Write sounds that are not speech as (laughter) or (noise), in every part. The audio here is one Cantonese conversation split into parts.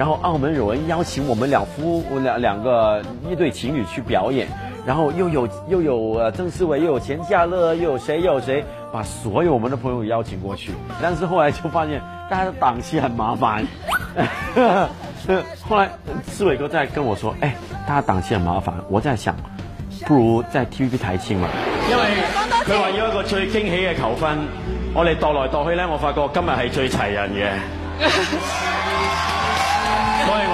然後澳門有人邀請我們兩夫兩兩個一對情侶去表演，然後又有又有曾志偉又有錢嘉樂又有誰又有誰，把所有我們的朋友邀請過去。但是後來就發現大家的檔期很麻煩。 (laughs) 後來志偉哥在跟我說，哎，大家檔期很麻煩。我在想，不如在 TVB 台慶嘛。因為佢話要一個最驚喜嘅求婚，我哋踱來踱去呢，我發覺今日係最齊人嘅。 (laughs)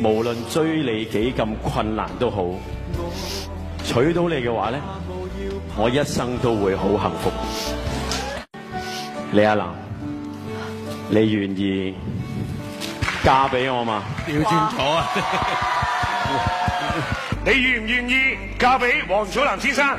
無論追你幾咁困難都好，娶到你嘅話咧，我一生都會好幸福。李亞男，你願意嫁俾我嗎？啊！ (laughs) 你願唔願意嫁俾黃祖藍先生？